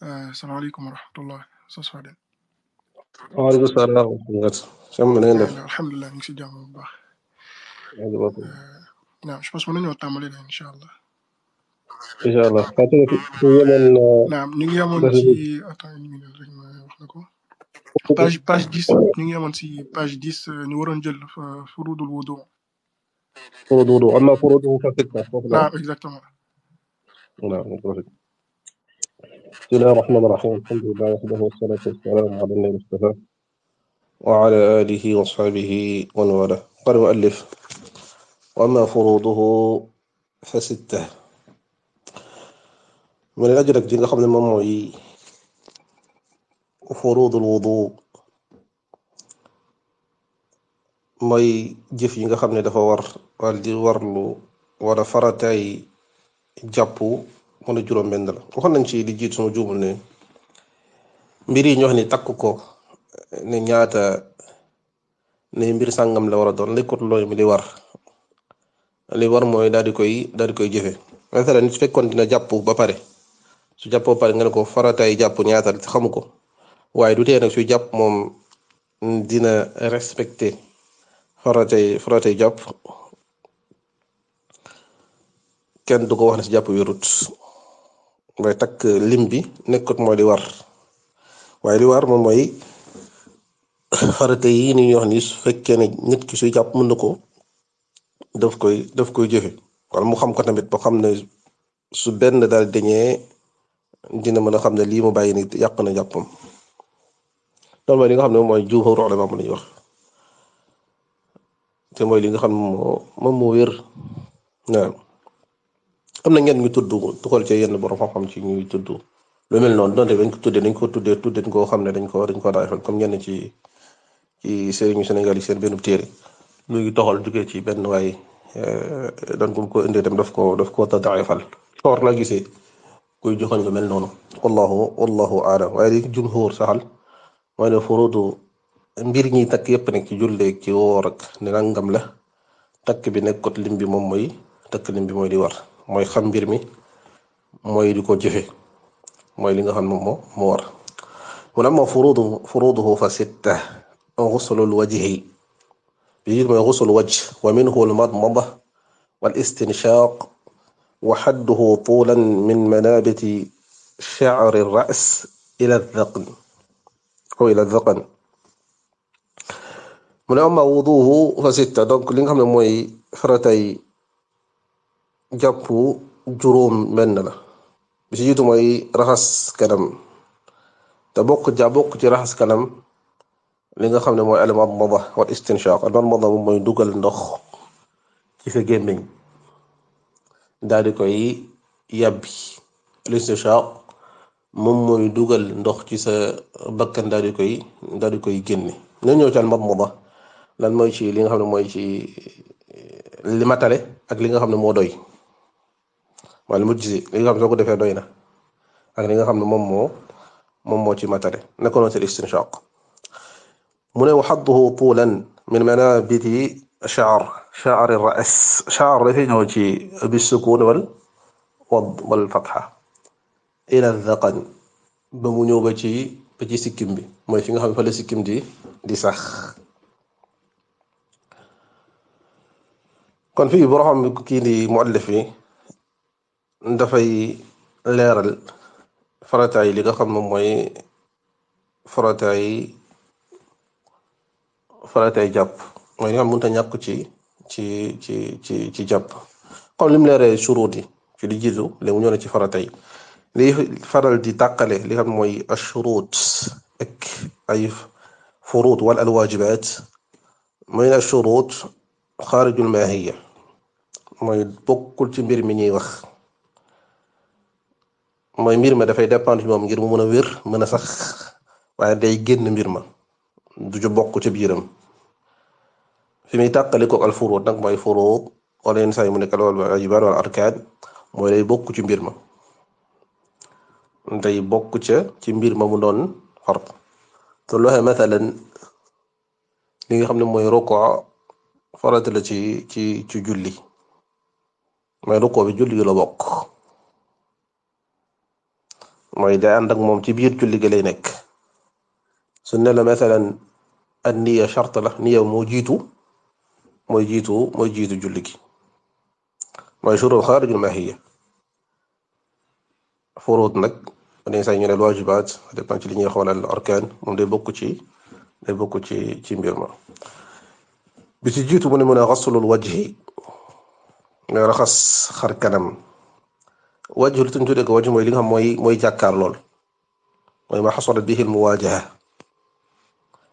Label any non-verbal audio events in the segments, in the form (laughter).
Assalamu alaikum wa rahmatullah. Sos faa den. waaleykum salaam wa rahmatulah. sëñ bi na ngeen def. alhamdulilah ñu ngi si jàmm bu baax. naam je pense mën nañoo tàmbali de incha allah. incha allah. fàttali fi fi yemoon naam ñu ngi yemoon ci attends une minute rek ma wax na ko. page page dix ñu ngi yemoon si page dix ñu waroon jël furudul wudu. furudul wudu am na furudul fasitta foofu la. ah exactement. waaw بسم الله الرحمن الرحيم الحمد لله وحده والصلاة والسلام على النبي المصطفى وعلى آله وصحبه ومن والاه قال المؤلف وأما فروضه فستة من الأجر ak ji nga xam ne moom mooy furuudul wudu mooy jëf yi nga xam ne dafa war wal di warlu wala farataay jàpp wala juróom-benn la waxoon nañ ci di jiit suma juumul ne mbir yi ñu ni takk ko ne ñaata ne mbir sàngam la war a doon lekkut looy mi li war li war mooy daal di koy daal koy jëfe masalan fekkoon dina jàpp ba pare su jàppoo pare nga ne ko faratay jàpp ñaata la xamu ko waaye du tee nag suy jàpp moom dina respecté faratay faratay jàpp kenn du ko wax ne si jàpp wérut ngay takk lim bi nekkut mooy di war waaye li war moom mooy farata yi ni ñuy wax ni su fekkee ne nit ki suy jàpp mën na ko daf koy daf koy jëfe wala mu xam ko tamit boo xam ne su benn daal dañee dina mën a xam ne lii mu bàyyi ni yàq na jàppam loolu mooy li nga xam ne mooy jumhur ulama mën nañu li nga xam ne moo moom moo wér am na ngeen ñu tudd tuxal ci yenn borom xam-xam ci ñuy tudd lu mel noonu donte dañ ko tuddee dañ ko tuddee tuddee koo xam ne dañ ko dañ ko daayfal comme ñenn ci ci sëriñu Sénégal yi seen benn téere ñu ngi toxal jugee ci benn waay eh, dan ko ko indee dem daf ko daf ko tadaayfal soor la gisee kuy joxoñ lu mel noonu wallahu wallahu aalam waaye li jumhur saxal mooy ne furudu mbir ñi takk yëpp nekk ci julleeg ci woor ak ne nangam la takk bi nekkut lim bi moom mooy takk lim bi mooy di war mooy xam mi mooy di ko jëfe mooy li nga xam ne moo moo war mu ne amma fa sitta ghuslul wajhi bi jiit wajh wa minhu al madmada wal istinshaq wa min manabiti sha'ri ar ila adh-dhaqn ila adh-dhaqn mu ne fa sitta donc li nga xam ne mooy faratay jàpp juróom benn la bi ci jiitu mooy raxas kanam te bokk ja bokk ci raxas kanam li nga xam ne mooy al madmada wal moom mooy dugal ndox ci sa koy yàbbi al istinshaq dugal ndox ci sa bakkan daal koy daal koy génne ñoo ñëw ci al lan mooy ci li nga xam ne mooy ci li matale ak li nga xam ne moo doy wal mujzi li nga xam soo defee doy na ak li nga xam ne moom moo moo ci matare naka noonu seen istinshaq mu ne wa xadduhu tuulan min manabiti sha'r sha'r ar-ra's sha'r dafay ñëw ci bi sukun wal wadd wal fatha ila dhaqan mu ñëw ba ci ba bi mooy fi nga xam ne fa la di di sax kon fii borom kii di muallif bi dafay leeral farataay li nga xam moom mooy farataay farataay jàpp mooy li nga xam mënta ñàkk ci ci ci ci ci jàpp comme lim leeree suruut yi ci li jiitu léegi mu ñëw ci farataay li faral di tàqale li xam mooy ashuruut ak ay furuut wala moy mooy ne ashuruut xaarijul maahiya mooy bokkul ci mbir mi ñuy wax. mooy mbir ma dafay dépendre ci moom ngir mu mën a wér mën a sax waaye day génn mbir ma du ju bokk ci biiram fi muy tàqali ko al furuud nag mooy furuud wala yenn saa wala arkaan mooy day bokk ci mbir ma day bokk ca ci mbir ma mu doon fard te looxe mathalan li nga xam ne mooy rukoo farata la ci ci ci julli mooy rukoo bi julli la bokk mooy day ànd ak moom ci biir julli lay nekk su ne la masalan an niya shart la niya moo jiitu mooy jiitu mooy jiitu julli gi mooy shurut xaarijul mahiya furut nag dañ say ñu ne waajibaat dépend ci li ñuy xoolal arkaan moom day bokk ci day ci ci mbir ma bi ci jiitu mu ne mun a xasulul wajhi nga raxas xar kanam wajhu li tuddee ko wajhu mooy li nga xam mooy mooy jàkkaar lool mooy ma xasalat bihi al-muwaajaha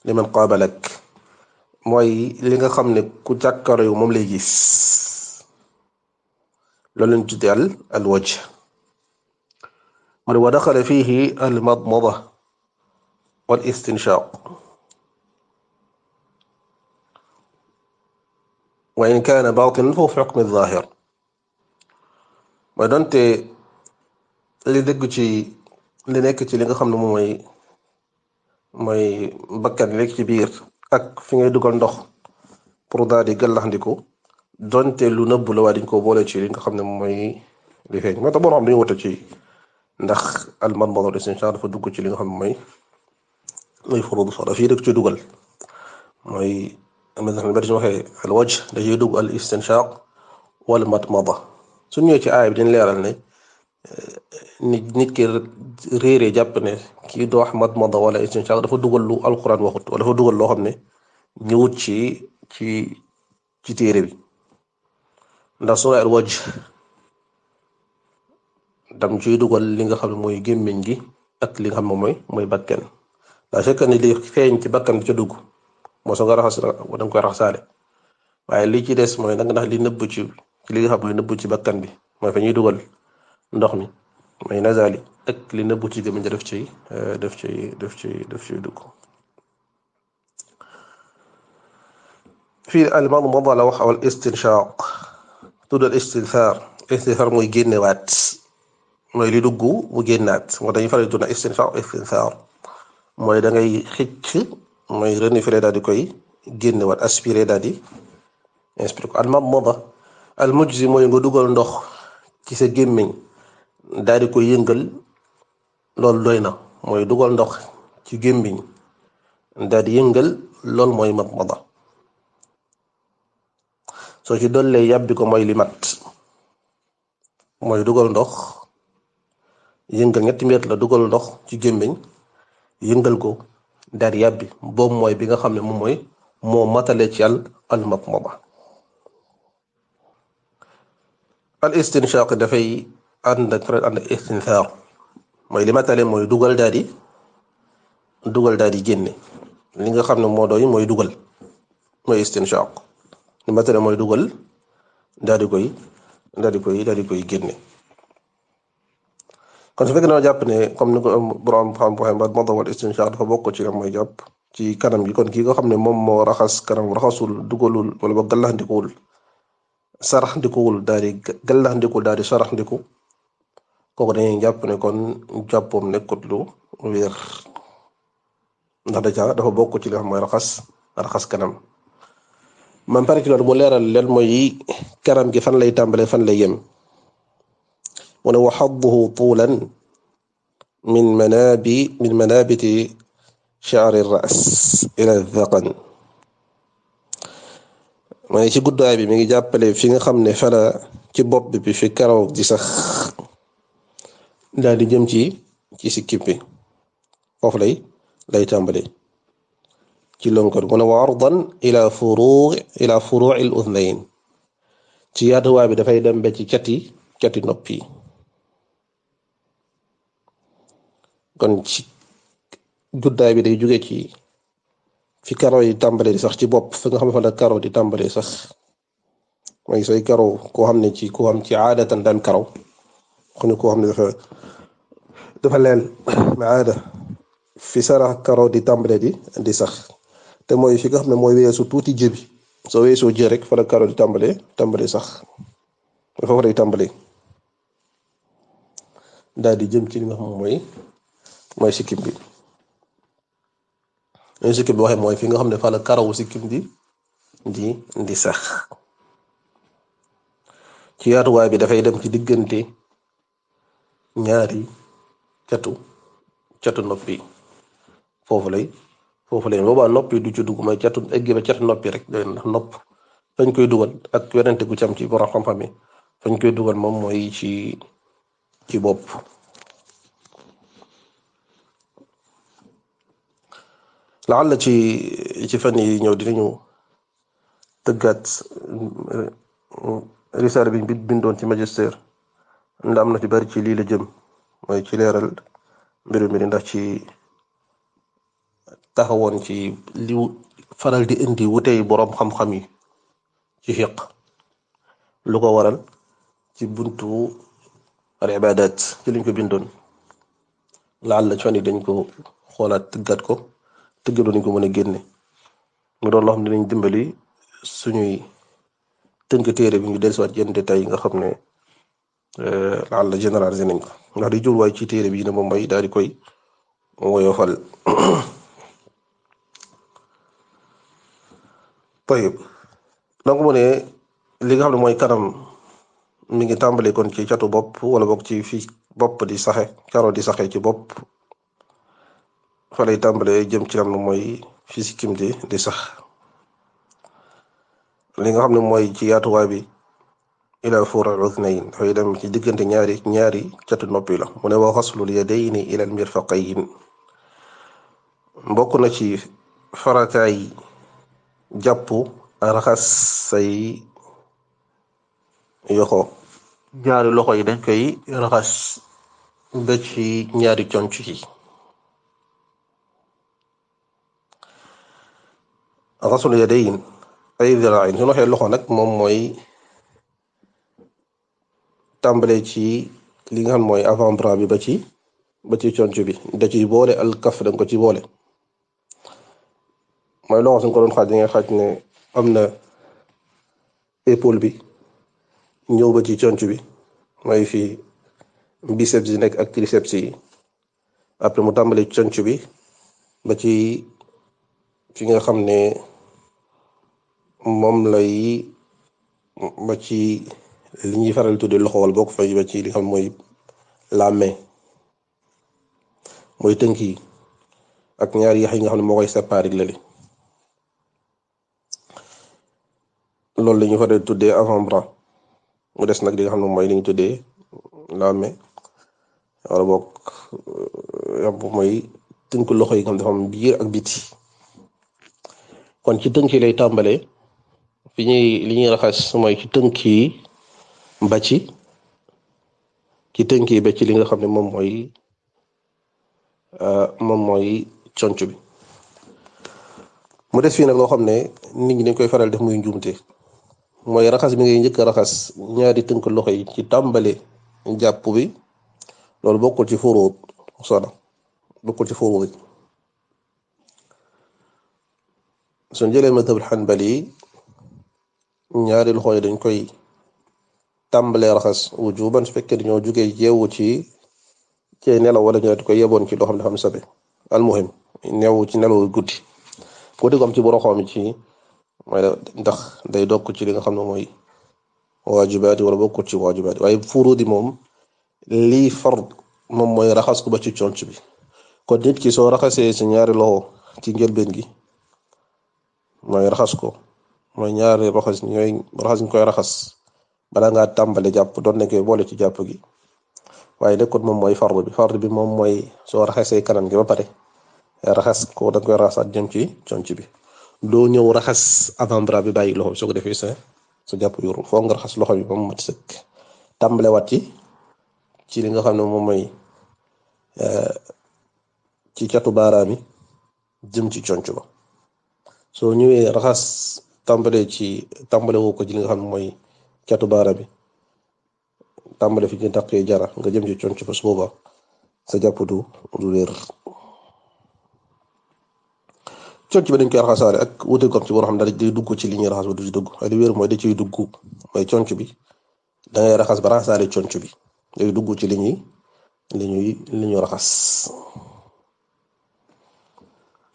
liman qaabalak mooy li nga xam ne ku jàkkaar yow moom lay gis loolu lañ tuddee al al wajh wa daxala fiihi al-madmada wal istinshaq wa in kaana baatin fa huwa fi hukmi az-zaahir mooy doonte li dëgg ci li nekk ci li nga xam ne moom mooy mooy bakkan lekk ci biir ak fi ngay dugal ndox pour daal di ndiku donte lu nëbb bula waa dañ ko boole ci li nga xam ne moom mooy li feeñ moo tax boo xam dañu wute ci ndax al madmadul istinshaq dafa dugg ci li nga xam ne mooy mooy furuud sala fii rek ci dugal mooy am na bari ñu waxee al wajh da ciy dugg al istinshaq wal madmada su ñëwee ci aaya bi dañ leeral ne eh, nit nit ki réeree jàpp ne kii doo wax madmada wala istinshaq dafa dugal lu alquran waxut wala dafa dugal loo xam ne ñëwut ci ci ci téere bi ndax sura al wajh dam ci dugal li nga xam ne mooy gémmiñ gi ak li nga xam ne mooy mooy bakken daa fekk ni li feeñ ci bakkan bi ca dugg moo soo nga raxas da koy raxasaale waaye li ci des mooy nag ndax li nëbb ci ci li nga xam mooy nëbbu ci bakkan bi mooy fa dugal ndox mi mooy nasaali ak li nëbbu ci gémmiñ daf ciy euh, daf ciy daf ciy daf ciy dugg fii almadmada la wax aw al istinshaq tudd al istithaar istithaar mooy génnewaat mooy li dugg mu génnaat moo dañuy faral di tudd istinshaq istithaar mooy da ngay mooy renifler daal di koy génnewaat aspirer daal di inspiré ko almadmada al mujzi mooy nga dugal ndox ci sa gémmiñ daal di ko yëngal loolu doy na mooy dugal ndox ci gémmiñ daal yëngal loolu mooy madmada soo ci dollee yàbbi ko mooy li mat mooy dugal ndox yëngal ñetti mbir la dugal ndox ci gémmiñ yëngal ko daal di yàbbi boobu mooy bi nga xam ne moom mooy moo matale ci al al madmada al istinshaq dafay ànd mooy li ma tale mooy dugal daadi dugal daal di génne li nga xam ne moo doy mooy dugal mooy istinshaq li ma mooy dugal daal di koy daal di koy daal di koy génne kon su fekkee dañoo jàpp ne comme ni ko borom xam-xam ba mada wal istinshaq dafa bokk ci la mooy jàpp ci kanam gi kon kii nga xam ne moom moo raxas kanam raxasul dugalul wala ba gàllandikuwul saraxndikuwul daal di gallaxndiku daal di saraxndiku kooku dañuy jàpp ne kon jàppoom nekkut lu wér ndax daja bokk ci xam mooy raxas raxas kanam man pare ci loolu mu leeral leen mooy kanam gi fan lay tàmbale fan lay yem mu ne wa xadduhu tuulan min manabi min manabiti shaari ras ila dhaqan mooy ci guddaay bi mi ngi jàppale fi nga xam ne fala ci bopp bi fi karaw di sax daal di jëm ci ci sikkim bi foofu lay lay tàmbale ci lonkoor mu ne wa ila furuu ila furuu al uthnayn ci yaatuwaay bi dafay dem ba cati cati nopp kon ci guddaay bi day jóge ci fi karaw yi tàmbalee di sax ci bopp fa nga xam fa la karaw di tàmbalee sax mooy say karaw koo xam ne ci koo xam ci aadatan daan xam ne koo xam ne dafa dafa leen (coughs) aada fi sarax karaw di tàmbalee di di sax te mooy fi nga xam ne mooy weesu tuuti jëbi soo weesoo jë rek fa la karaw di tàmbalee tàmbalee sax dafa war a tàmbalee daal di jëm ci li nga xam mooy mooy sikkim bi ñu sikkim bi waxee mooy fi nga xam ne fa la karawu sikkim di di di sax ci yaatuwaay bi dafay dem ci diggante ñaari catu catu noppi foofu lay foofu lay boobaa noppi du ci dugg mooy catu egg ba catu noppi rek ndax nopp fañ koy dugal ak werante gu ci ci borom xam-xam fañ koy dugal moom mooy ci ci bopp laal la ci ci fan yi ñëw dinañu tëggaat risaala bi bindoon ci magistère ndax am na ci bari ci lii la jëm mooy ci leeral mbiru mbiri ndax ci taxawoon ci liw faral di indi wutey boroom xam-xam yi ci fiq lu ko waral ci buntu al ibadat ci liñ ko bindoon laal la ci fan yi dañ ko xoolaat tëggaat ko tëgg doonañ ko mën a génne mu doon loo xam ne dinañ dimbali suñuy tënk téere bi ñu dellusiwaat yenn détails yi nga xam ne euh, àll généralisé nañ ko ndax di jur waay ci téere bi ne moom mooy daal di koy woyofal (coughs) tayib donc mu ne liga xam ne mooy kanam mi ngi tàmbali kon ci catu bopp wala boog ci fi bopp di saxe caro di saxe ci bopp fa lay tàmbalee jëm ci am na mooy fi di di sax li nga xam ne mooy ci yaatuwaay bi ila furul udhnayn dafay dem ci diggante ñaari ñaari catu noppi la mu ne wa xaslul yadayni ila al mirfaqayn mbokk na ci farataay jàpp raxas say yoxo ñaari loxo yi dañ koy raxas ba ci ñaari conc yi rasul yadayn ay ziraayin suñu waxee loxo nag moom mooy tàmbale ci li nga xam mooy avant-bras bi ba ci ba ci conc bi da ci boole al kaf ko ci boole mooy loxo suñ ko doon xaaj ne am na épaule bi ñëw ba ci conc bi mooy fii biceps yi nekk ak triceps yi après mu tàmbale conc bi ba ci fi nga xam ne moom lay ba ci li ñuy faral tudde loxo wala bokk fay ba ci li xam mooy la main mooy tënk yi ak ñaar yax yi nga xam ne moo koy séparé lële loolu la ñuy faral tuddee avant-bras mu des nag li xam ne mooy li ñu tuddee la main wala bokk euh, mooy tënk loxo yi nga xam biir ak biti kon ci tënki lay tàmbalee. bi ñuy li ñuy raxas mooy ci tënk yi ba ci ci tënk yi ba ci li nga xam ne moom mooy euh, moom mooy conc bi mu def fii nag loo xam ne nit ñi dañ koy faral def muy njuumte mooy raxas bi ngay njëkk a raxas ñaari tënk loxo yi ci tàmbale jàpp bi loolu bokkul ci furuut sona bokkul ci furuut suñ jëlee ñaari loxo yi dañ koy tàmbalee raxas wujuban su fekkee dañoo jugee yeewu ci ci nelaw wala ñu ko yeboon ci loo xam ne xam sabe al muhim ci nelaw guddi guddi ko am ci boroxoom ci mooy ndax day dokk ci li nga xam ne mooy waajibaat yi wala bokkut ci waajibaat yi waaye furuudi moom lii fard moom mooy raxas ko ba ci conc bi kon nit ki soo raxasee si ñaari loxo ci njëlbeen gi mooy raxas ko mooy ñaari raxas ñooy raxas ñu koy raxas balaa ngaa tàmbale jàpp doon nañ koy boole ci jàpp gi waaye nekkoon moom mooy far bi fard bi moom mooy soo raxasee kanam gi ba pare raxas ko da koy raxasaat jëm ci conc bi doo ñëw raxas avant bras bi bàyyi soo defee sa sa jàpp yorul foo nga raxas loxo bi ba mu mat sëkk tàmbalewaat ci ci li nga xam ne moom mooy eh, ci catu baaraam yi jëm ci conc ba soo ñëwee raxas. tàmbalee ci tàmbale woo ko ci nga xam ne mooy catu baara bi tàmbale fi ñu taqee jara nga jëm ci conc ko su boobaa sa jàpp du du conc bi dañ koy raxasaale ak wute comme ci boo xam ne day dugg ci li ñuy raxas ba du dugg ay li wér da ciy dugg mooy conc bi da raxas ba raxasaale conc bi day dugg ci li ñuy li raxas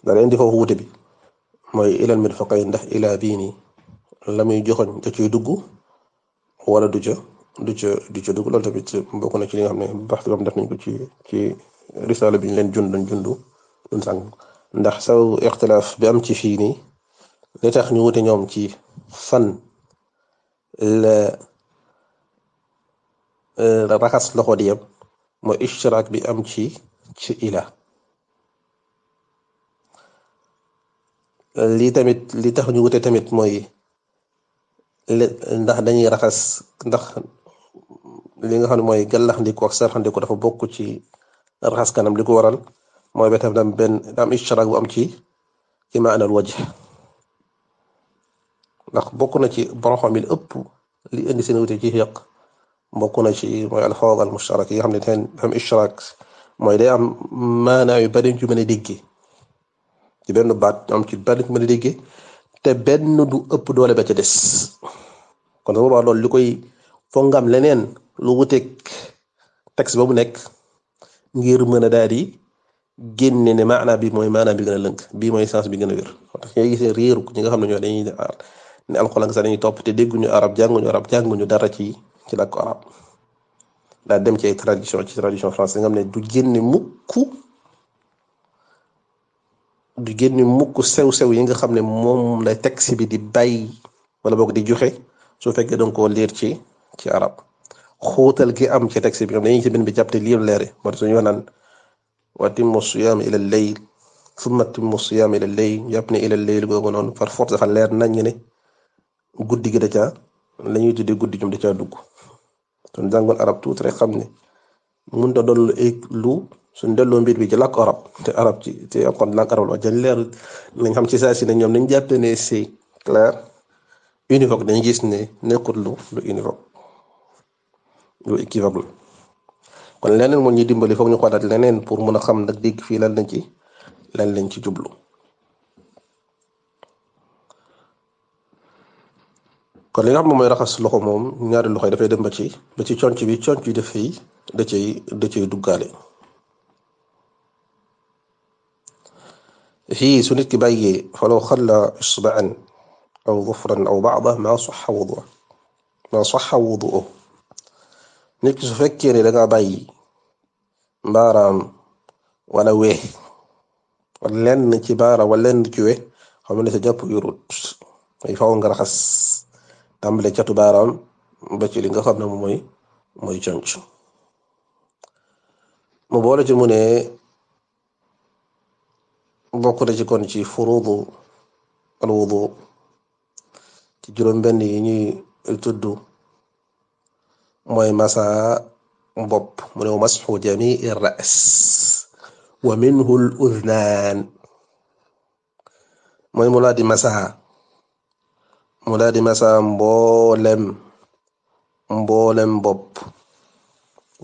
da leen di foofu wute bi mooy ilal mirfaqayn ndax ilaa bii nii la muy joxoñ da ciy dugg wala du ca du ca du ca dugg loolu tamit bokk na ci li xam ne baxtu bam def nañ ko ci ci risaala bi ñu leen jundoon jundu duñ ndax saw ixtilaaf bi am ci fii nii li tax ñu ñoom ci fan la euh, raxas loxo di yem mooy ishtiraak bi am ci ci ila lii tamit li tax ñu wute tamit mooy ndax dañuy raxas ndax li nga xam ne mooy gàllaxndiku ak sarxandiku dafa bokk ci raxas kanam li ko waral mooy ba tam benn am ishtirak ci ci bokk na ci borom xam li ëpp indi seen wute ci fiqh na ci mooy al yi nga xam ne dafa am ishtirak mooy day am maanaa yu bari yu mën a diggi ci benn baat am ci benn mën a déggee te benn du ëpp doole ba ca des kon sax boobaa lool li koy foog nga am leneen lu wuteeg texte ba bu nekk ngir mën a daal di génne ne maanaam bi mooy maanaam bi gën a lënk bii mooy sens bi gën a wér moo gisee réeru ñi xam ne ñoo dañuy ne alxuraan sax dañuy topp te dégguñu arab jànguñu arab jànguñu dara ci ci làkku arab daal dem ci tradition ci tradition française nga xam ne du génne mukk du génn mukk sew-sew yi nga xam ne moom la texte bi di bàyyi wala boog di joxe soo fekkee danga koo leer ci ci arab xóotal gi am ci texte bi nga xam dañuy ci bind bi jàpp te lii leere moo tax suñu wax naan wa atimmu siyaam ila al-layl thumma atimmu siyaam ila al-layl jàpp ne ila al-layl googu par force dafa leer nañ ne guddi gi da caa la ñuy tuddee guddi ñoom da caa dugg. arab tuuti rek xam ne mënut a doon lu e-, suñ delloo mbir bi ci làkk arab te arab ci te kon leer nañ xam ci saa si ne ñoom nañ jàpp ne c'est clair univoque dañ gis ne nekkut lu lu univoque lu équivoque kon leneen moo ñuy dimbali foog ñu leneen pour mën a xam nag dégg fii lan lañ ci lan lañ ci jublu kon li nga xam moom mooy raxas loxo moom ñaari loxo yi dafay dem ba ci ba ci conc bi conc bi dafay da cay da cay duggaale fii su nit ki bàyyee falaw xalla isba'an aw dhufran aw ba'da maa sahha wudu maa sahha wudu nit ki su fekkee ne danga bàyyi baaraam wala we wala lenn ci baaraam wala lenn ci we xam ne sa jàpp yurut ay faaw nga raxas tàmbale catu baaraam ba ci li nga xam ne mooy mooy conc mu boole ci mu ne bokk na ci kon ci furuudu al ci juróom-benn yi ñuy tudd mooy masa bopp mu ne masxu jamii ras wa minhu al mooy mu laa di masaha mboolem mboolem bopp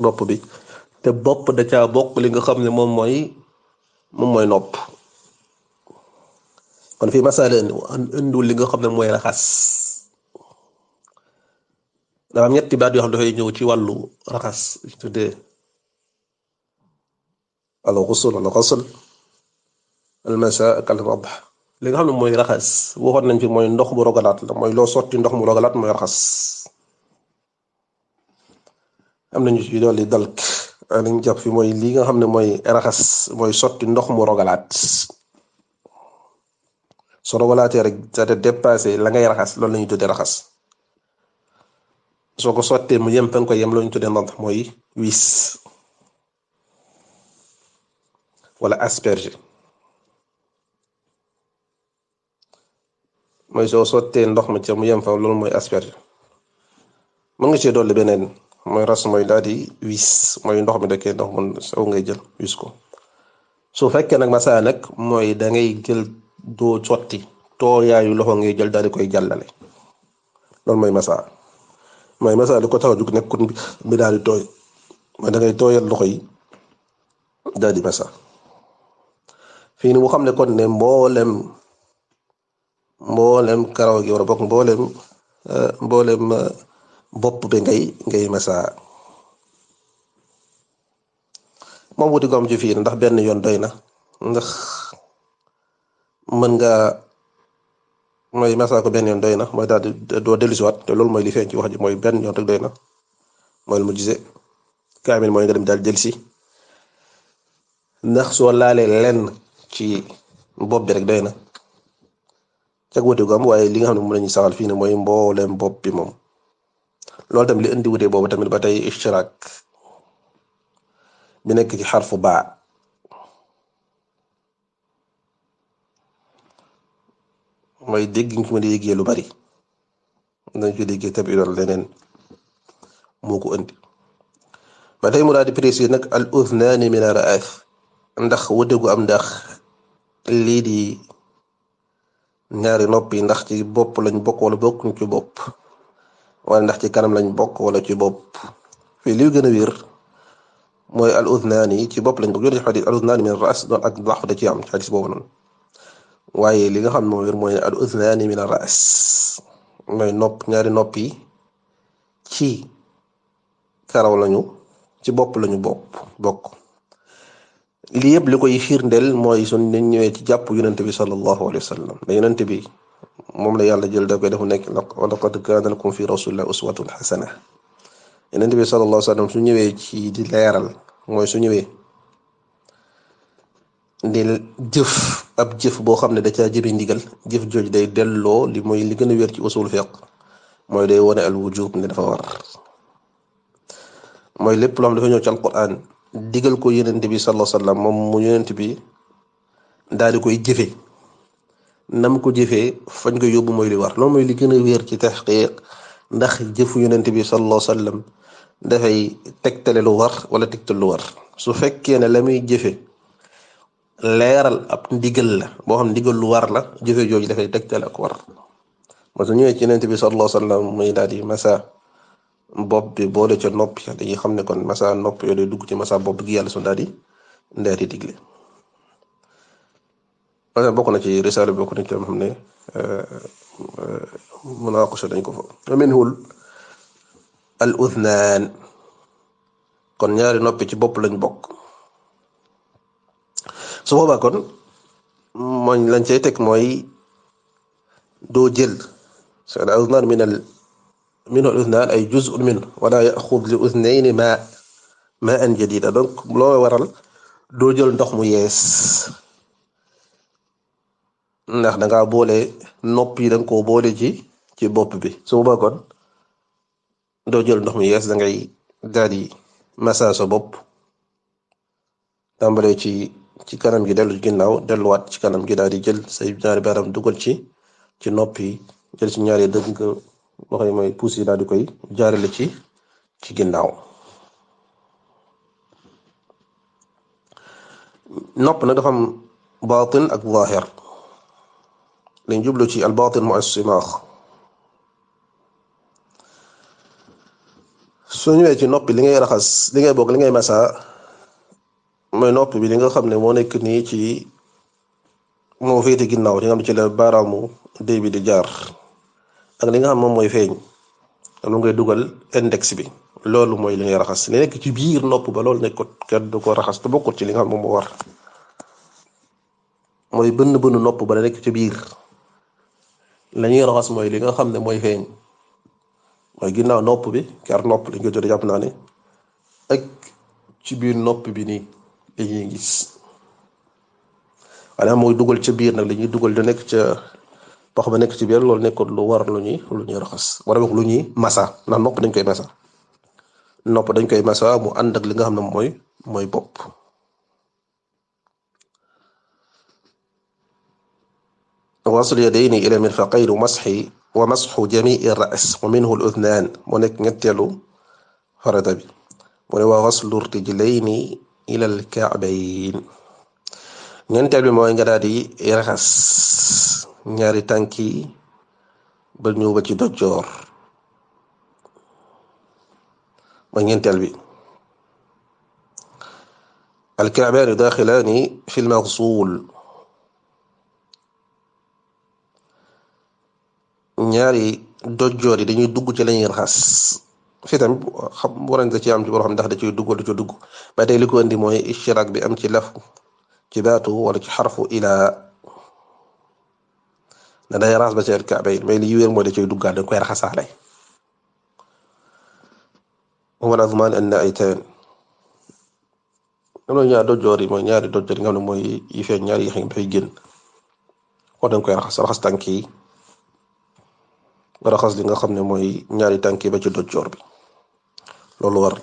bopp bi te bopp da bokk li nga xam ne mooy moom mooy nopp kon fii masala indiwul li nga xam ne mooy raxas dafa am ñetti baat yoo xam dafay ñëw ci wàllu raxas tuddee al xusul al xasl al masa ak al madh li xam ne mooy raxas waxoon nañ fi mooy ndox bu rogalaat la mooy loo sotti ndox mu rogalaat mooy raxas am nañu ci dolli dalk liñ jàpp fi mooy li nga xam ne mooy raxas mooy sotti ndox mu rogalaat soo walaatee rek c'est-à-dire la ngay raxas loolu la ñuy tuddee raxas soo ko sottee mu yem fa nga yem loolu ñu tuddee ndox mooy wis wala asperge mooy soo sottee ndox ma ca mu yem fa loolu mooy asperge mën nga cee dolli beneen mooy ras mooy daal di wis mooy ndox mi dëkkee ndox mu sew ngay jël wis ko su fekkee nag masaa nag mooy da ngay jël. doo sotti tooyaayu loxo ngay jël daal di koy jallale loolu may masa may masa li ko tax a jug nekkul bi daal tooy ma da ngay tooyal loxo yi daal di masa fii ni xam ne kon ne mboolem mboolem karaw gi war bokk mboolem euh, euh, bopp bi ngay ngay masa moom wuti gom ci fii ndax benn yoon doy na ndax mën nga mooy masaa ko benn yoon doy na mooy daal di doo dellusiwaat te loolu mooy li feeñ ci wax ji mooy benn yoon rek na mooy mu gisee mooy nga dem si ndax soo laalee leen ci bopp bi rek doy na cag wute gu am waaye li nga xam ne moom la ñuy saxal fii ne mooy mbooleem bopp bi moom loolu tamit li indi wute boobu tamit ba tey ishtiraak bi nekk ci xarfu baa mooy dégg nga ko mën lu bari dañ ko déggee tabiroon leneen moo ko andi ba tey mu daal nag al uthnaani min ar-ra'ath ndax wute gu am ndax lii di ñaari nopp yi ndax ci bopp lañ bokk wala bokkuñ ci bopp wala ndax ci kanam lañ bokk wala ci bopp fii li gën a wér mooy al uthnaani ci bopp lañ bokk yoon ci xadis al uthnaani am ci boobu noonu waaye li nga xam ne moom wér mooy al udhnaani min ar-ra's mooy nopp ñaari nopp yi ci karaw lañu ci bopp lañu bopp bokk lii yëpp li koy xiir firndeel mooy suñ dañ ñëwee ci jàpp yonent bi sallallahu alayhi da yonent bi moom la yàlla jël da koy def nekk wa laqad kaana lakum fi rasulillahi uswatun hasana yonent bi sallallahu alayhi wa su ñëwee ci di leeral mooy su ñëwee del jëf ab jëf boo xam ne da caa jëri ndigal jëf jooju day delloo li mooy li gën a wér ci usul fiq mooy day wane al wujub ne dafa war mooy lépp loo xam dafa ñëw ci alquran digal ko yonent bi sallallahu alayhi moom mu yonent bi daal di koy jëfe nam ko jëfee fañ ko yóbbu mooy li war loolu mooy li gën a wér ci tahqiq ndax jëfu yonent bi sallallahu alayhi wasallam dafay tegtale lu war wala tegtal lu war su fekkee ne la muy jëfe leeral ab ndigal la boo xam ndigal lu war la jëfe jooju dafay tegtal ak war ma su ñëwee ci yonent bi sallallahu alayhi wasallam muy daal di masa bopp bi boole ca nopp dañuy xam ne kon masa nopp yooyu dugg ci masa bopp gi yàlla su daal di ndeer di digle masa bokk na ci risaala bokk na ci am xam ne euh, munaqasha dañ ko foofu wa minhul al kon ñaari noppi ci bopp lañ bokk su boobaa kon mooñ lañ cay teg mooy doo jël so al udnaan min al minhu al udnaan ay juz'un min wala yaxud li udnayni ma ma an jadida donc loo waral doo jël ndox mu yees ndax danga boole nopp yi danga ko boole ci ci bopp bi su kon doo jël ndox mu yees dangay ngay di masaa sa bopp tàmbalee ci ci kanam gi dellu ginnaaw delluwaat ci kanam gi daal di jël say ñaari baram dugal ci ci nopp yi jël ci ñaari dëgg nga loxo yi mooy puus yi daal di koy jaarale ci ci ginnaaw nopp nag dafa am baatin ak zaahir lañ jublu ci al baatin mooy simaax su ñëwee ci noppi li ngay raxas li ngay bokk li ngay masaa mooy nopp bi li nga xam ne moo nekk nii ci moo féete ginnaaw li nga xam ne ci la baaraamu déy bi di jaar ak li nga xam moom mooy feeñ lu ngay dugal index bi loolu mooy li ngay raxas li nekk ci biir nopp ba loolu nekkut kenn du ko raxas te ci li xam moom moo mooy bënn bënn nopp ba la ci biir la raxas mooy li nga xam ne mooy feeñ mooy ginnaaw nopp bi ker nopp li nga jot naa ne ak ci biir nopp bi nii. dañuy gis maanaam mooy dugal ca biir nag lañuy dugal da nekk ca pax ba nekk ci biir lool nekkoon lu war lu ñuy lu ñuy raxas wala wax lu ñuy masa ndax nopp dañ koy masa dañ koy masa mu ànd ak li nga xam ne mooy mooy bopp wasl yadayni ila mirfaqayn masxi wa masxu jamii ras wa minhu al uthnaan mu nekk ñetteelu farata bi mu ne wa waslu rrijlayni ilal kaabayn ñeenteel bi mooy nga daal di raxas ñaari tànk yi ba ñëw ba ci dojjoor mooy ñeenteel bi alkaabaani daaxilaani fi lmaxsuul ñaari dojjoor yi dañuy dugg ci lañuy raxas fii tamit xam war nañ ci am ci boo xam ndax da ciy dugg wala du ci dugg ba tey li ko indi mooy ishtirak bi am ci laf ci baatu wala ci xarfu ilaa ne day ci kaaba yi mais li wér mooy da ciy duggaal dañ koy raxasaale wa azmaan an na'itayn am na ñaar dojoor yi mooy ñaari dojoor mooy yi feeñ ñaari yi dañ koy raxas raxas tànk yi raxas li nga xam ne mooy ñaari tànk yi ba ci dojoor bi loolu war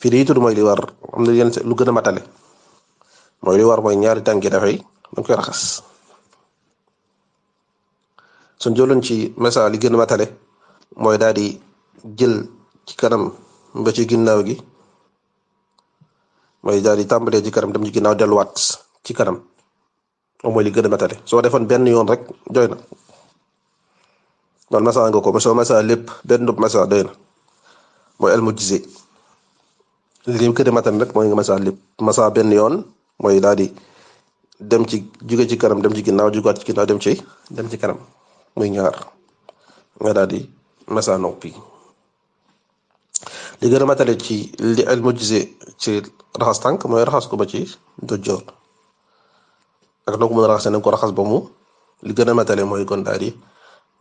fii day tudd mooy li war am na yenn lu gën a matale mooy li war moy ñaari tànk yi koy raxas suñ jëloon ci message li gën a mooy daal jël kanam ba ci ginnaaw gi mooy daal tàmbalee ci kanam dem ci ginnaaw delluwaat ci kanam moom li gën a matale soo defoon benn yoon rek doy na loolu message nga ko mais soo message lépp benn message doy na. mooy al mujzi lim kalimatan rek mooy nga masaa lépp masaa benn yoon mooy daal di dem ci jóge ci karam dem ci ginnaaw jugaat ci dem ci dem ci kanam muy ñaar nga daal di noppi li gën a matale ci li al mujzi ci raxas tànk mooy raxas ko ba ci dojjoor ak noo ko a raxasee nañ ko raxas ba mu li gën a matale mooy kon daal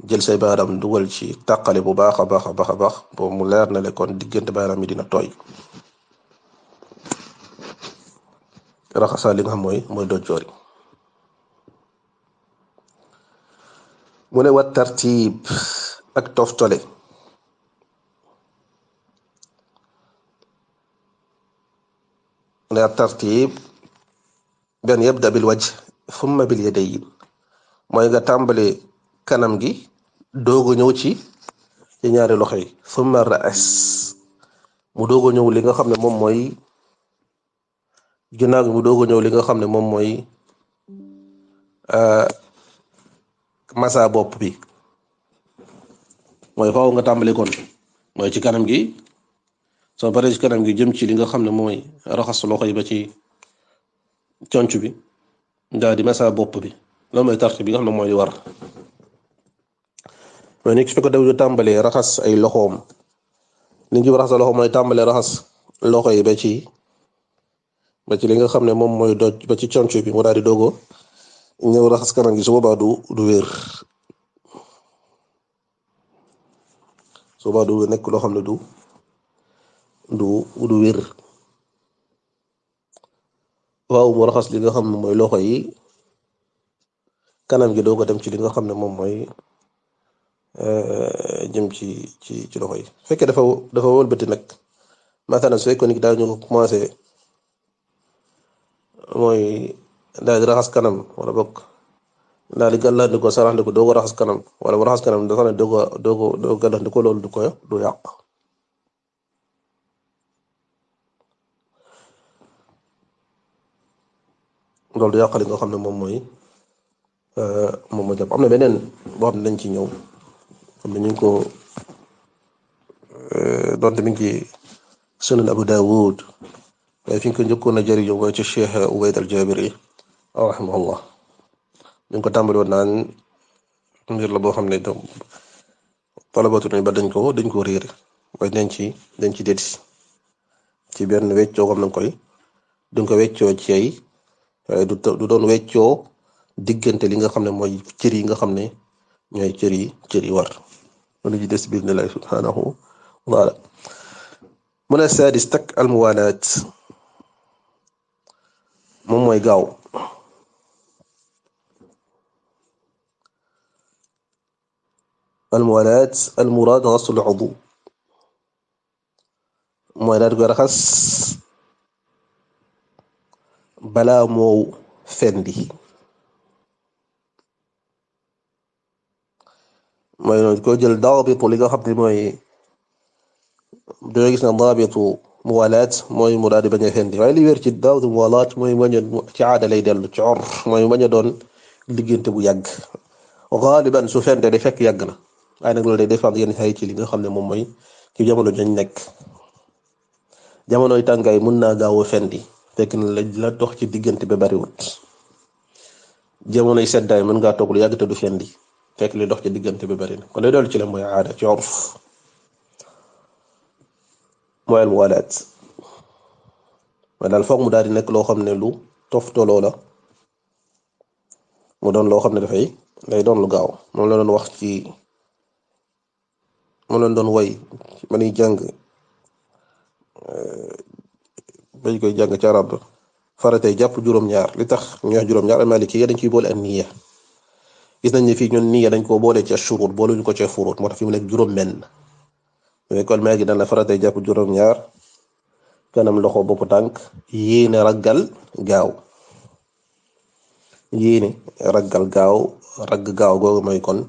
jël say baaraam dugal ci tàqale bu baax a baax a baax a baax mu leer na lekkoon diggante baaraam yi dina tooy raxasaa li nga xam mooy mooy dojjoor yi mu ne wa tartiib ak toftale mu ne tartiib benn yabda bil wajh thumma bil yadayn mooy nga tàmbale kanam gi dooga ñëw ci ci ñaari loxo yi summa raas mu dooga ñëw li nga xam ne moom mooy ginnaaw gi mu dooga ñëw li nga xam ne moom mooy euh, massa bopp bi mooy faaw nga tàmbali kon mooy ci kanam gi soo paree ci kanam gi jëm ci li nga xam ne mooy raxas loxo yi ba ci conc bi daal di massa bopp bi loolu mooy tarti bi nga xam ne mooy war mooy nekk su ko daw du tàmbalee raxas ay loxoom li ñu ci a loxoom mooy tàmbalee raxas loxo yi ba ci ba ci li nga xam ne moom mooy doj ba ci conco bi mu daal di dogo raxas kanam gi su boobaa du du wér su du nekk loo xam ne du du du wér waaw mu raxas li nga xam ne mooy loxo yi kanam gi dogo dem ci li nga xam ne moom mooy. jëm ci ci ci loxo yi bu fekkee dafa dafa wëlbati nag maanaam su fekkoon daal ñu commencé mooy daal di raxas kanam wala bokk daal di gàllandiku saraxandiku doo ko raxas kanam wala bu raxas kanam dafa ne doo ko doo ko doo ko gàllandiku loolu du ko du yàq. loolu du yàq li xam ne moom mooy euh, moom moo jàpp am na beneen boo xam ne dañ ci ñëw. xam ne ñu ngi ko euh, donte mi ngi ci sunan Abu Dawud waaye fi ko njëkkoon a jëriñoo mooy ci Cheikh Ubayd al-Jabiri rahimahullah ñu ngi ko tàmbali woon naan mbir la boo xam ne donc talabatu ni ba dañ ko dañ ko réer waaye dañ ci dañ ci déti ci benn weccoo comme ko weccoo ci ay waaye du du doon weccoo diggante li nga xam ne mooy cër yi nga xam ne ñooy cër yi cër war lu ci des bismillahi subhaanahu wa taala mu ne sadis tak almuwanaat moom mooy gaaw almuwanaat almuraad xasul udu mooy daal ko raxas balaa moo fendi mooy noonu ko jël daabitu li nga xam ne mooy dañoo gis na daabitu mooy mu daal bañ a waaye li ci daabitu muwalaat mooy ci aada lay dellu ci or a doon diggante bu yàgg xaaliban su fende day fekk yàgg na waaye nag loolu day défendre yenn xarit ci li nga xam ne moom mooy ci jamono jañ nekk jamonoy tàngaay mun naa daaw a fendi fekk na la dox ci diggante ba bariwut jamonoy seddaay mën ngaa toog lu yàgg te du fendi fekk dox ci diggante bi bari na kon lay doolu ci la mooy aada ci urf mooy almuwalaat mooy daal foog mu daal di nekk loo xam ne lu toftaloo la mu doon loo xam ne dafay day doon lu gaaw moom la doon wax ci moom la doon way ma nuy jàng eh, bañ koy jang ci arab jap jàpp juróom-ñaar li tax ñu wax juróom-ñaar al maliki dañ ciy boole an niyya gis nañ ne fii ñun niyya dañ koo boole ci shurut booluñu ko ci furut moo tax fi mu nekk juróom-benn mais kon maa ngi daan la faratay jàpp juróom-ñaar kanam loxo bopp tànk yéene raggal gaaw yéene ragal gaaw ragg gaaw googu mooy kon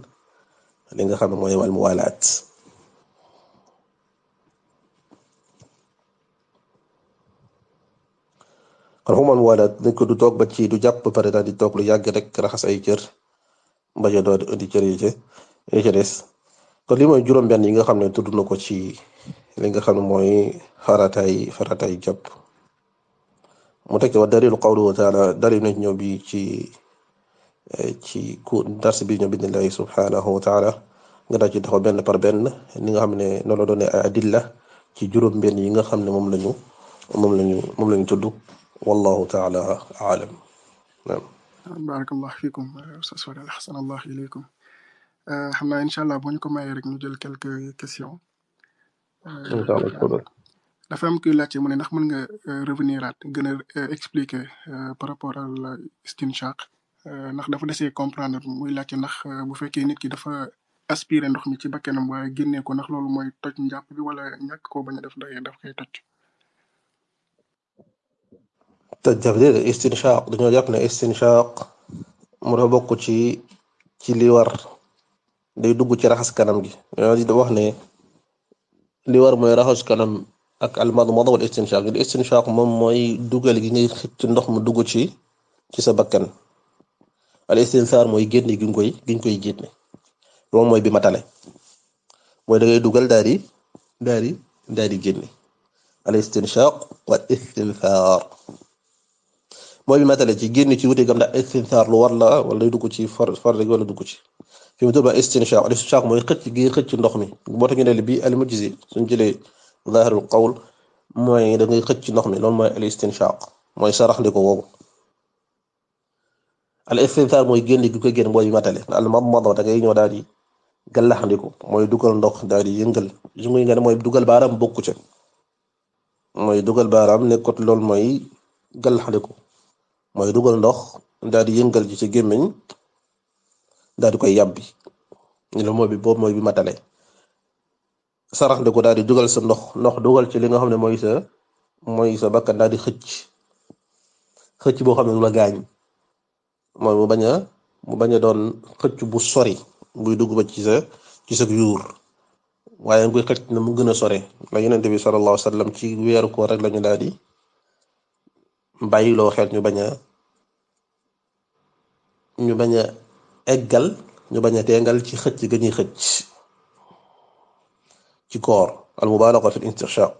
li nga xam ne mooy wal muwalaat kon fu mu walaat dañ ko du toog ba ci du jàpp pare daal di toog lu yàgg rek raxas ay cër. ba ca doon auditeurs yi ca kon li mooy juróom-benn yi nga xam ne tudd na ko ci li nga xam ne mooy faratay faratay jàpp te teg wa dalilu qawluhu ta'ala dalil nañ ñëw bi ci ci ku dars bi ñëw bi Allahi subhanahu wa nga daal ci taxaw benn par benn ni nga xam ne noonu la ay adilla ci juróom-benn yi nga xam ne moom lañu moom lañu moom lañu tudd wallahu ta'ala a'lam barakallahu fikum euh, oustaz Fadel ahsanallahu ilaykum euh, xam naa incha allah boo ñu ko mayee rek ñu jël quelques questions. Euh, dafa am kuy laajte mu ne ndax mën nga revenir aat gën a expliquer par rapport al istinshaq ndax dafa dese comprendre muy laajte ndax bu fekkee nit ki dafa aspirer ndox mi ci bakkanam waaye génnee ko ndax loolu mooy toj njàpp bi wala ñàkk koo bañ a def day daf koy toj. te tajdiid istinshaq dañoo jàpp ne istinshaq mu dafa bokk ci ci li war day dugg ci raxas kanam gi dañoo wax ne li war mooy raxas kanam ak almadmada moo istinshaq li istinshaq moom mooy dugal gi ngay ci ndox mu dugg ci ci sa bakkan al istinsaar mooy génne gi nga koy gi koy génne moom mooy bi mooy da ngay dugal daal di daal di daal di génne mooy bi matale ci génn ci wute gam ndax istinsaar lu war la wala dugg ci far for rek wala dugg ci fi mu tudd ba istinshaq istinshaq mooy xëcc gi xëcc ndox mi boo tax ñu ne bi al mujzi suñ jëlee zaahirul qawl mooy da ngay xëcc ndox mi loolu mooy al istinshaq mooy sarax ko woowu al mooy génn gi ko génn mooy bi matale al madmada da ngay ñëw daal di gàllaxandiku mooy dugal ndox daal di yëngal yu muy nga ne mooy dugal baaraam bokku ca mooy dugal baaraam nekkut loolu mooy gàllaxandiku mooy dugal ndox daal di yëngal ji ci gémmiñ daal di koy yàbbi ñu ne mooy bi boobu mooy bi matale sarax de ko daal di dugal sa ndox ndox dugal ci li nga xam ne mooy sa mooy sa bakkan daal di xëcc xëcc boo xam ne du la gaañ mooy mu bañ a mu bañ a doon xëcc bu sori buy dugg ba ci sa ci sa yuur waaye nga xëcc na mu gën a sore la yeneen yonent bi sallallahu alayhi wasallam ci weeru koor rek lañu daal di bàyyiloo xeel ñu bañ ñu bañ a eggal ñu bañ a teengal ci xëcc ga ñuy xëcc ci koor al mubalaga fi istishaq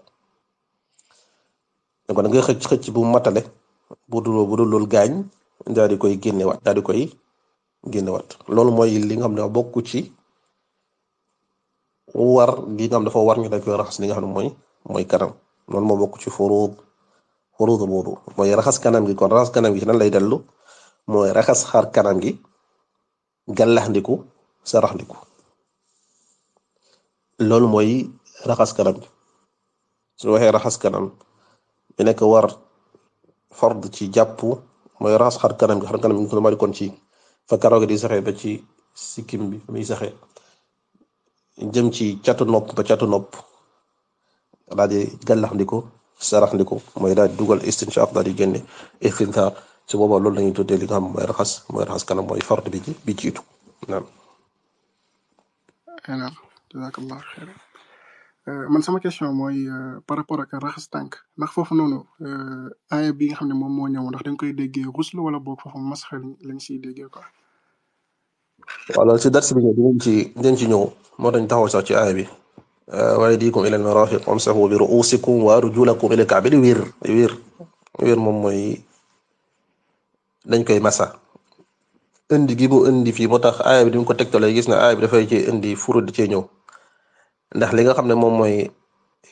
ne ko da ngay xëcc xëcc bu matale bu dul bu dul loolu gaañ daal di koy génnewaat daal di koy génnewaat loolu mooy li nga xam ne bokk ci war gi nga xam dafa war ñu da koy raxas li nga xam ne mooy mooy kanam loolu moo bokk ci furuud xuruudu wudu mooy raxas kanam gi kon raxas kanam gi ci nan lay dellu mooy raxas xar kanam gi gàllaxndiku saraxndiku loolu mooy raxas kanam gi su waxee raxas kanam bi nekk war fard ci jàpp mooy raxas xar kanam gi xar kanam gi kon ci fa karaw gi di saxee ba ci sikkim bi muy saxee jëm ci catu nopp ba catu nopp daal di gàllaxndiku saraxndiku mooy daal di dugal istinshaq daal di génne istinshaq su boobaa loolu la ñuy tuddee li nga xam mooy raxas mooy raxas kanam mooy fard bi ji bi jiitu naam. alors jazakallah xeer euh, man sama question mooy euh, par rapport ak raxas tànk ndax foofu noonu euh, aaya bi nga xam ne moom moo ñëw ndax dañ koy déggee ruslu wala boog foofu masxa lañ siy déggee quoi. waaw loolu si dars bi ñëw dinañ ci dinañ ci ñëw moo tax ñu taxaw sax ci aaya wa aydikum ila al-marafiq wamsahu bi ru'usikum wa arjulakum ila al-ka'bayn wiir moom mooy dañ koy masa indi gi bu indi fii moo tax aaya bi ko tegtalee gis na aaya bi dafay ci indi furu di cee ñëw ndax li nga xam ne moom mooy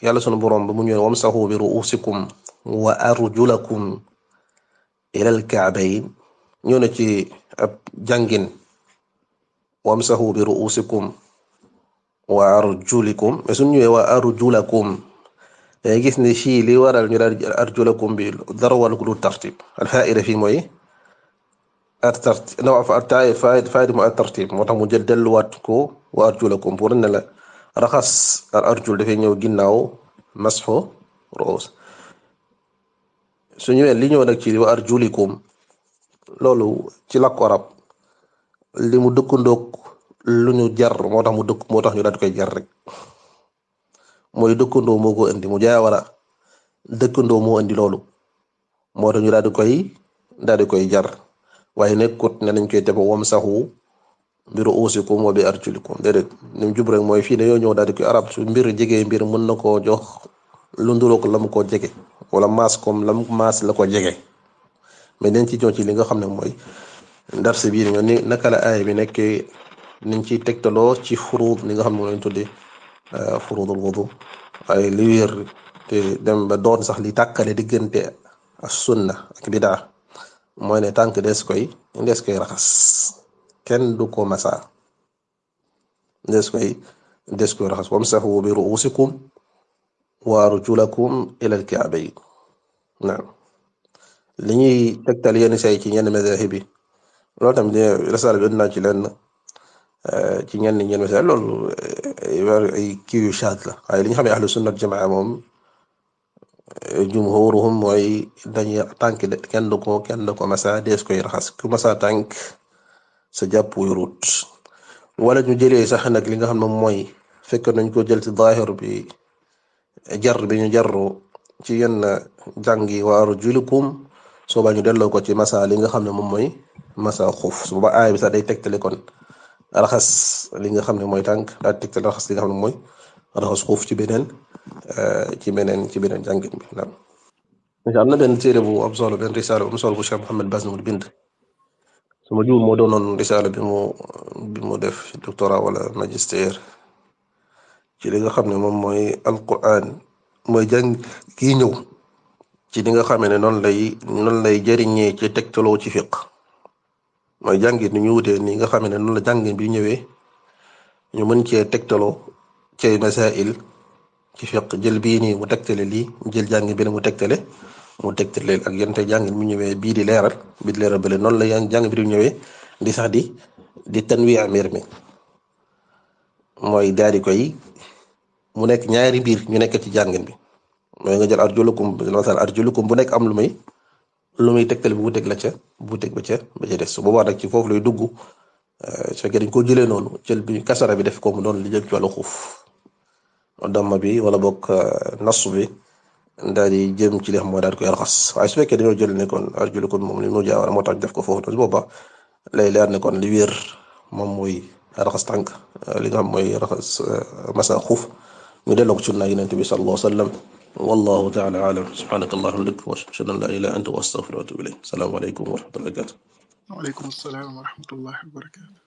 yàlla sunu borom ba mu ñëwee wamsahu bi ru'usikum wa arjulakum ila al na ci ab jàngin saxu bi ru'usikum wa arjulikum mais suñ ñëwee wa arjulakum day gis ne fii li waral ñu daal arjulakum bi darwal ku du tartib alfaida fii mooy at-tartib naw tartib moo tax mu jël delluwaat ko wa arjulakum pour la raxas al arjul dafay ñëw ginnaaw masxu ruus su ñëwee li ñëw nag ci wa arjulikum loolu ci làkku arab li mu dëkkandoog lu ñu jar moo tax mu dëkk moo tax ñu daal koy jar rek mooy dëkkandoo moo ko indi mu jaawara dëkkandoo moo indi loolu moo tax ñu daal koy daal koy jar waaye nekkut ne nañ koy tebo saxu bi ru'usikum wa bi arjulikum déedéet ni mu jub rek mooy fii ne yoo ñëw daal di koy arab mbir jege mbir mën na koo jox lu ndurook lam ko jege wala maas kom lam maas la ko jege mais dañ ci ñëw ci li nga xam ne mooy darse bii nga naka la aay bi nañ ciy tegtaloo ci furuud li nga xam ne moom lañ tuddee euh, furuudul wudu waaye li wér te dem ba doon sax li tàkkale diggante as sunna ak bidaa mooy ne tànk des koy des koy raxas kenn du ko masa des koy des koy raxas wamsahu bi ru'usikum wa arjulakum ila al-ka'bayn naam li ñuy tegtal yenn say ci ñenn mazahib yi loolu tamit resal bi ënd naa ci lenn ci ñenn ñenn misaal loolu ay kii yu shaad la waaye li ñu xam ne ahlu sunna jamaa moom jumhuruhum mooy dañuy tànk kenn du ko kenn du ko masa dees koy raxas ku masa tànk sa jàpp wérut wala ñu jëlee sax nag li nga xam ne mooy fekk nañ ko jël ci daahir bi jar bi ñu jarru ci yenn jàngi waaru julukum soo ba ñu delloo ko ci masa li nga xam ne moom mooy masa xuf su ba aay sax day tegtale kon raxas li nga xam ne mooy tànk daal di tegtal raxas li nga mooy raxas xuuf euh, ci beneen ci beneen ci beneen jàngin bi naam. am na benn téere ben am solo benn risaala bu am solo bu Cheikh Mouhamed Baz mu bind su ma moo doonoon risaala bi mu bi mu def doctorat wala magistère ci li nga xam ne moom mooy alquran mooy jàng ki ñëw ci li nga xam ne noonu lay noonu lay jëriñee ci tegtaloo ci fiqh. mooy jàngit ni ñu wutee nii nga xam ne noonu la jàngin bi ñëwee ñu mën cee tegtaloo cay masail ci fiq jël bii nii mu tegtale lii jël jàngin bi mu tegtale mu tegtale ak yéen tey jàngin mu ñëwee bii di leeral bii di leeral bële noonu la jàngin bi ñëwee di sax di di tanwiya mbir mi mooy daal di koy mu nekk ñaari mbir ñu nekk ci jàngin bi mooy nga jël arjulukum masal arjulukum bu nekk am lu muy. lu muy tegtal bu wuuteeg la ca bu wuuteeg ba ca ba ca des su boobaa nag ci foofu lay dugg euh, su fekkee dañ koo jëlee noonu jël bi kasara bi def ko mu doon li jëm ci wàllu xuuf bi wala boog euh, nas bi daal di jëm ci li xam mooy daal di koy raxas su fekkee dañoo jël ne kon arjulukum moom li mu jaawal moo tax def ko foofu noonu su boobaa lay leer ne kon li wér moom mooy raxas tànk euh, li nga xam mooy raxas masa xuuf. ñu delloo ko sunna yonent bi sallallahu alayhi wa sallam wallahu ta'ala a'lam subhanaka allahumma wa bihamdika ashhadu an la ilaha illa anta astaghfiruka wa atubu ilayk assalamu alaykum wa rahmatullahi wa barakatuh wa alaykum assalam wa rahmatullahi wa barakatuh